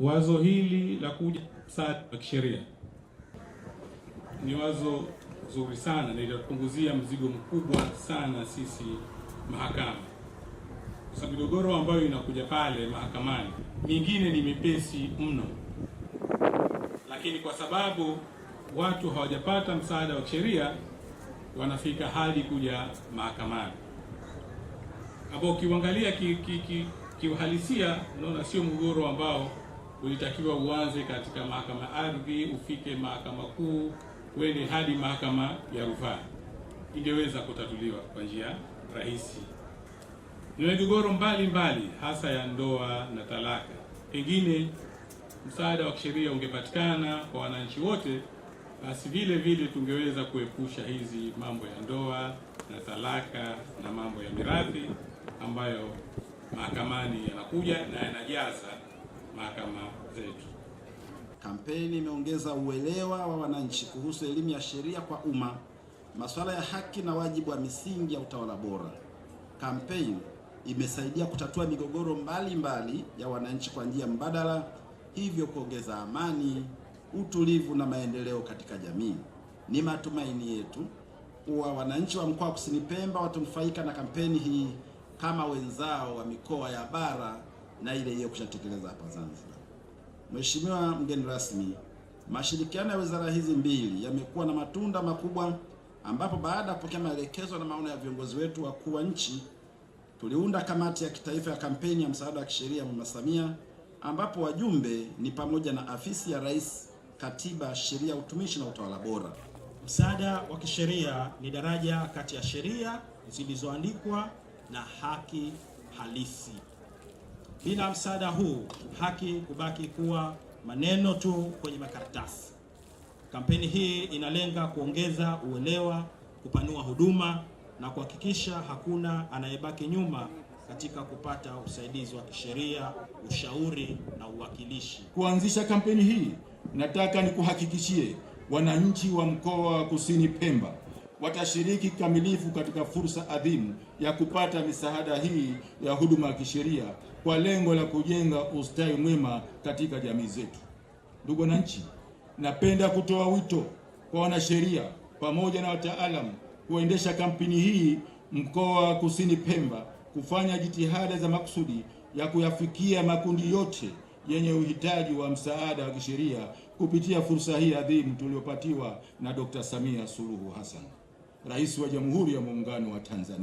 Wazo hili la kuja msaada wa kisheria ni wazo zuri sana na itatupunguzia mzigo mkubwa sana sisi mahakama, kwa sababu migogoro ambayo inakuja pale mahakamani mingine ni mepesi mno, lakini kwa sababu watu hawajapata msaada wa kisheria wanafika hadi kuja mahakamani, ambao ukiuangalia kiuhalisia ki, ki, ki unaona sio mgogoro ambao ulitakiwa uanze katika mahakama ardhi, ufike mahakama kuu, uende hadi mahakama ya rufaa. Ingeweza kutatuliwa kwa njia rahisi. Ni migogoro mbalimbali, hasa ya ndoa na talaka. Pengine msaada wa kisheria ungepatikana kwa wananchi wote, basi vile vile tungeweza kuepusha hizi mambo ya ndoa na talaka na mambo ya mirathi ambayo mahakamani yanakuja na yanajaza mahakama. Kampeni imeongeza uelewa wa wananchi kuhusu elimu ya sheria kwa umma, masuala ya haki na wajibu wa misingi ya utawala bora. Kampeni imesaidia kutatua migogoro mbalimbali mbali ya wananchi kwa njia mbadala, hivyo kuongeza amani, utulivu na maendeleo katika jamii. Ni matumaini yetu kuwa wananchi wa mkoa wa Kusini Pemba watanufaika na kampeni hii kama wenzao wa mikoa ya bara na ile iliyokushatekeleza hapa Zanzibar. Mheshimiwa mgeni rasmi, mashirikiano ya wizara hizi mbili yamekuwa na matunda makubwa, ambapo baada ya kupokea maelekezo na maono ya viongozi wetu wakuu wa nchi, tuliunda kamati ya kitaifa ya kampeni ya msaada wa kisheria Mama Samia, ambapo wajumbe ni pamoja na afisi ya Rais, Katiba, Sheria, Utumishi na Utawala Bora. Msaada wa kisheria ni daraja kati ya sheria zilizoandikwa na haki halisi. Bila msaada huu, haki kubaki kuwa maneno tu kwenye makaratasi. Kampeni hii inalenga kuongeza uelewa, kupanua huduma na kuhakikisha hakuna anayebaki nyuma katika kupata usaidizi wa kisheria, ushauri na uwakilishi. Kuanzisha kampeni hii, nataka nikuhakikishie wananchi wa mkoa wa Kusini Pemba watashiriki kikamilifu katika fursa adhimu ya kupata misaada hii ya huduma ya kisheria kwa lengo la kujenga ustawi mwema katika jamii zetu. Ndugu wananchi, napenda kutoa wito kwa wanasheria pamoja na wataalamu kuendesha kampeni hii mkoa wa Kusini Pemba kufanya jitihada za makusudi ya kuyafikia makundi yote yenye uhitaji wa msaada wa kisheria kupitia fursa hii adhimu tuliyopatiwa na Dr. Samia Suluhu Hassan. Rais wa Jamhuri ya Muungano wa Tanzania.